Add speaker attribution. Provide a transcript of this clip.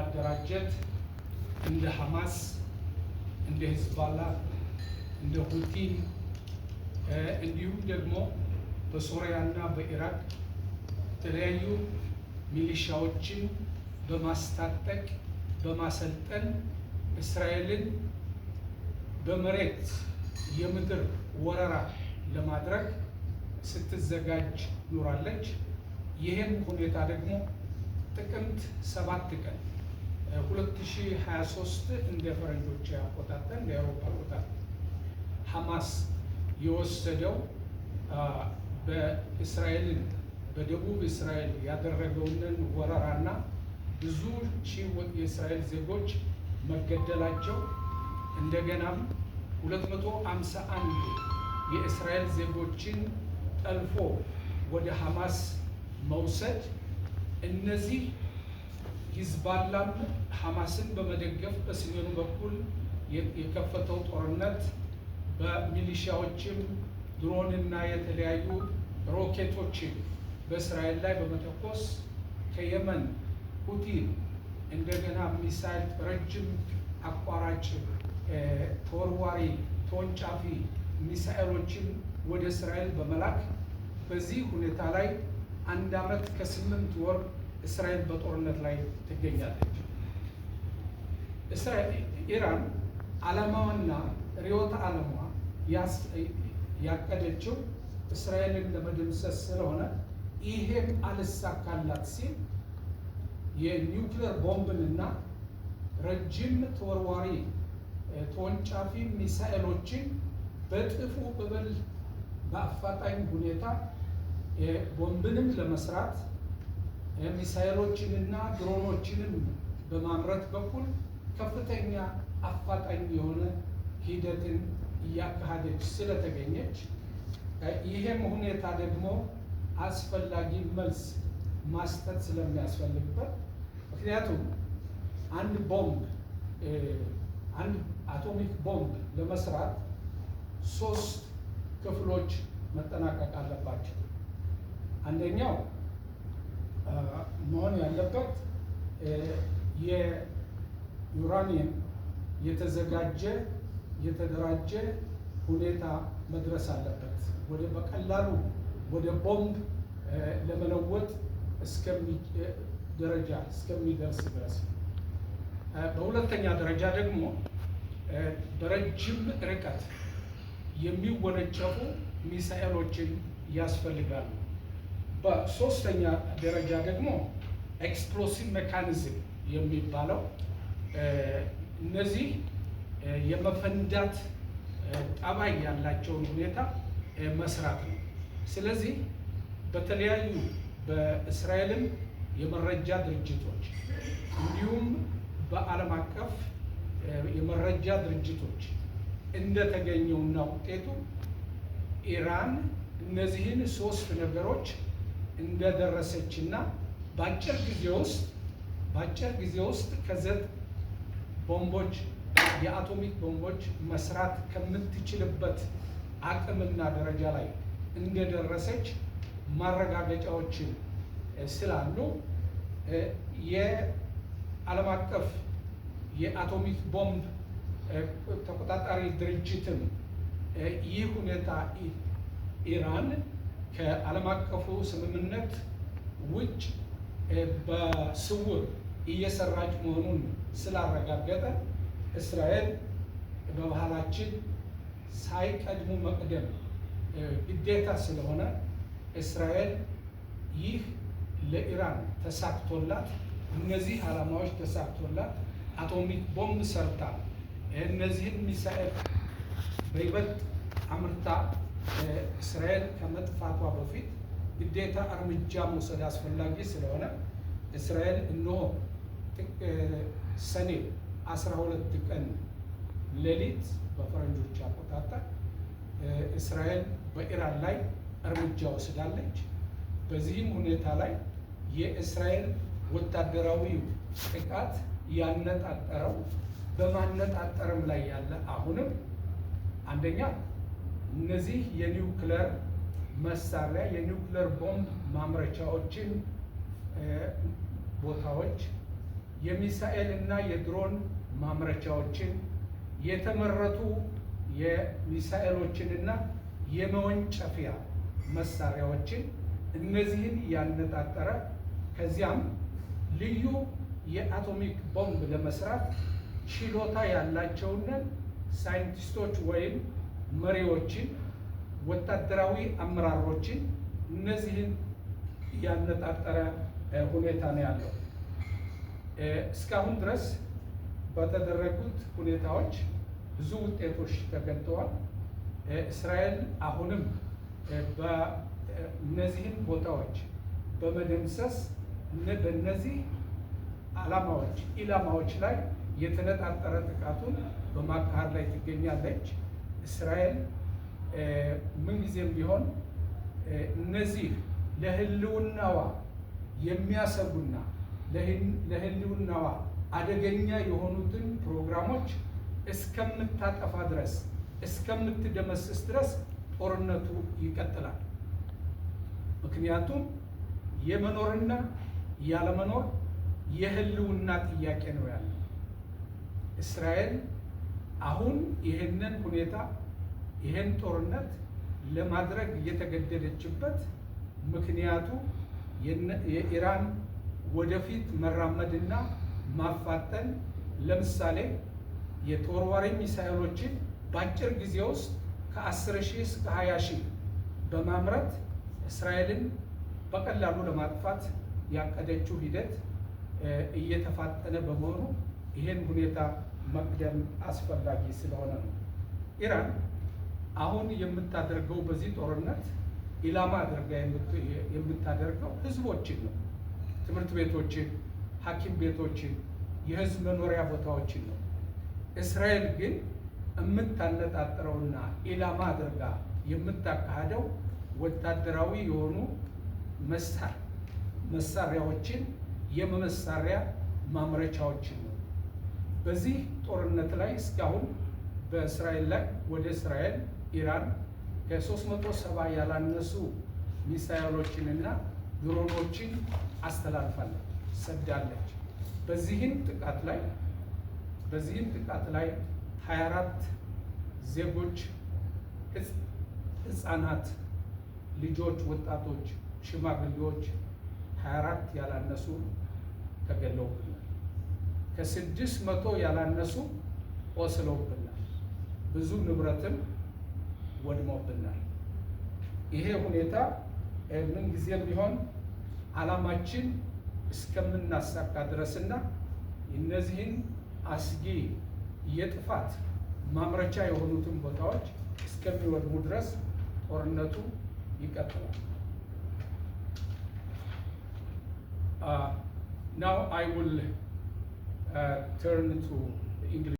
Speaker 1: ማደራጀት እንደ ሐማስ፣ እንደ ሂዝባላ፣ እንደ ሁቲን እንዲሁም ደግሞ በሶሪያና በኢራቅ የተለያዩ ሚሊሻዎችን በማስታጠቅ በማሰልጠን እስራኤልን በመሬት የምድር ወረራ ለማድረግ ስትዘጋጅ ኑራለች። ይህም ሁኔታ ደግሞ ጥቅምት ሰባት ቀን በ2023 እንደ ፈረንጆች አቆጣጠር እንደ አውሮፓ አቆጣጠር ሐማስ የወሰደው በእስራኤልን በደቡብ እስራኤል ያደረገውን ወረራና ብዙ ሺህ የእስራኤል ዜጎች መገደላቸው እንደገናም 251 የእስራኤል ዜጎችን ጠልፎ ወደ ሐማስ መውሰድ እነዚህ ሂዝባላም ሐማስን በመደገፍ በሰሜኑ በኩል የከፈተው ጦርነት በሚሊሺያዎችም እና የተለያዩ ሮኬቶችን በእስራኤል ላይ በመተኮስ ከየመን ሁቲ እንደገና ሚሳይል ረጅም አቋራጭ ተወርዋሪ ተወንጫፊ ሚሳኤሎችን ወደ እስራኤል በመላክ በዚህ ሁኔታ ላይ አንድ ዓመት ከስምንት ወር እስራኤል በጦርነት ላይ ትገኛለች። ኢራን ዓላማዋና ርዕዮተ ዓለሟ ያቀደችው እስራኤልን ለመደምሰስ ስለሆነ ይሄም አልሳካላት ሲል የኒውክሌር ቦምብንና ረጅም ተወርዋሪ ተወንጫፊ ሚሳኤሎችን በጥፉ ብበል በአፋጣኝ ሁኔታ ቦምብንም ለመስራት ሚሳይሎችንና ድሮኖችንም በማምረት በኩል ከፍተኛ አፋጣኝ የሆነ ሂደትን እያካሄደች ስለተገኘች ይህም ሁኔታ ደግሞ አስፈላጊ መልስ ማስጠት ስለሚያስፈልግበት ምክንያቱም አንድ ቦምብ አንድ አቶሚክ ቦምብ ለመስራት ሶስት ክፍሎች መጠናቀቅ አለባቸው። አንደኛው መሆን ያለበት የዩራኒየም የተዘጋጀ የተደራጀ ሁኔታ መድረስ አለበት። ወደ በቀላሉ ወደ ቦምብ ለመለወጥ ደረጃ እስከሚደርስ ድረስ። በሁለተኛ ደረጃ ደግሞ በረጅም ርቀት የሚወነጨፉ ሚሳኤሎችን ያስፈልጋሉ። በሶስተኛ ደረጃ ደግሞ ኤክስፕሎሲቭ ሜካኒዝም የሚባለው እነዚህ የመፈንዳት ጠባይ ያላቸውን ሁኔታ መስራት ነው። ስለዚህ በተለያዩ በእስራኤልም የመረጃ ድርጅቶች እንዲሁም በዓለም አቀፍ የመረጃ ድርጅቶች እንደተገኘውና ውጤቱ ኢራን እነዚህን ሶስት ነገሮች እንደደረሰችና በአጭር ጊዜ ውስጥ በአጭር ጊዜ ውስጥ ከዘት ቦምቦች የአቶሚክ ቦምቦች መስራት ከምትችልበት አቅምና ደረጃ ላይ እንደደረሰች ማረጋገጫዎችን ስላሉ የዓለም አቀፍ የአቶሚክ ቦምብ ተቆጣጣሪ ድርጅትም ይህ ሁኔታ ኢራን ከዓለም አቀፉ ስምምነት ውጭ በስውር እየሰራች መሆኑን ስላረጋገጠ እስራኤል በባህላችን ሳይቀድሙ መቅደም ግዴታ ስለሆነ እስራኤል ይህ ለኢራን ተሳክቶላት እነዚህ ዓላማዎች ተሳክቶላት አቶሚክ ቦምብ ሰርታ እነዚህን ሚሳኤል በይበልጥ አምርታ እስራኤል ከመጥፋቷ በፊት ግዴታ እርምጃ መውሰድ አስፈላጊ ስለሆነ እስራኤል እነሆ ሰኔ 12 ቀን ሌሊት በፈረንጆች አቆጣጠር እስራኤል በኢራን ላይ እርምጃ ወስዳለች። በዚህም ሁኔታ ላይ የእስራኤል ወታደራዊ ጥቃት ያነጣጠረው በማነጣጠርም ላይ ያለ አሁንም አንደኛ እነዚህ የኒውክለር መሳሪያ የኒውክለር ቦምብ ማምረቻዎችን ቦታዎች፣ የሚሳኤል እና የድሮን ማምረቻዎችን፣ የተመረቱ የሚሳኤሎችን እና የመወንጨፊያ መሳሪያዎችን እነዚህን ያነጣጠረ ከዚያም ልዩ የአቶሚክ ቦምብ ለመስራት ችሎታ ያላቸውን ሳይንቲስቶች ወይም መሪዎችን፣ ወታደራዊ አመራሮችን እነዚህን ያነጣጠረ ሁኔታ ነው ያለው። እስካሁን ድረስ በተደረጉት ሁኔታዎች ብዙ ውጤቶች ተገኝተዋል። እስራኤል አሁንም በእነዚህን ቦታዎች በመደምሰስ በእነዚህ አላማዎች ኢላማዎች ላይ የተነጣጠረ ጥቃቱን በማካሄድ ላይ ትገኛለች። እስራኤል ምንጊዜም ቢሆን እነዚህ ለህልውናዋ የሚያሰጉና ለህልውናዋ አደገኛ የሆኑትን ፕሮግራሞች እስከምታጠፋ ድረስ እስከምትደመስስ ድረስ ጦርነቱ ይቀጥላል። ምክንያቱም የመኖርና ያለመኖር የህልውና ጥያቄ ነው ያለ እስራኤል አሁን ይህንን ሁኔታ ይህን ጦርነት ለማድረግ እየተገደደችበት ምክንያቱ የኢራን ወደፊት መራመድና ማፋጠን ለምሳሌ የተወርዋሪ ሚሳይሎችን በአጭር ጊዜ ውስጥ ከ10 ሺህ እስከ 20 ሺህ በማምረት እስራኤልን በቀላሉ ለማጥፋት ያቀደችው ሂደት እየተፋጠነ በመሆኑ ይህን ሁኔታ መቅደም አስፈላጊ ስለሆነ ነው። ኢራን አሁን የምታደርገው በዚህ ጦርነት ኢላማ አድርጋ የምታደርገው ህዝቦችን ነው። ትምህርት ቤቶችን፣ ሐኪም ቤቶችን፣ የህዝብ መኖሪያ ቦታዎችን ነው። እስራኤል ግን የምታነጣጥረውና ኢላማ አድርጋ የምታካሂደው ወታደራዊ የሆኑ መሳሪያዎችን የመሳሪያ ማምረቻዎችን ነው። በዚህ ጦርነት ላይ እስካሁን በእስራኤል ላይ ወደ እስራኤል ኢራን ከ370 ያላነሱ ሚሳይሎችንና ድሮኖችን አስተላልፋለች፣ ሰዳለች። በዚህም ጥቃት ላይ በዚህም ጥቃት ላይ 24 ዜጎች፣ ህፃናት፣ ልጆች፣ ወጣቶች፣ ሽማግሌዎች 24 ያላነሱ ተገለውብናል። ከስድስት መቶ ያላነሱ ቆስለውብናል፣ ብዙ ንብረትም ወድሞብናል። ይሄ ሁኔታ ምን ጊዜም ቢሆን ዓላማችን እስከምናሳካ ድረስና እነዚህን አስጊ የጥፋት ማምረቻ የሆኑትን ቦታዎች እስከሚወድሙ ድረስ ጦርነቱ ይቀጥላል። ናው አይ ውል uh, turned to English.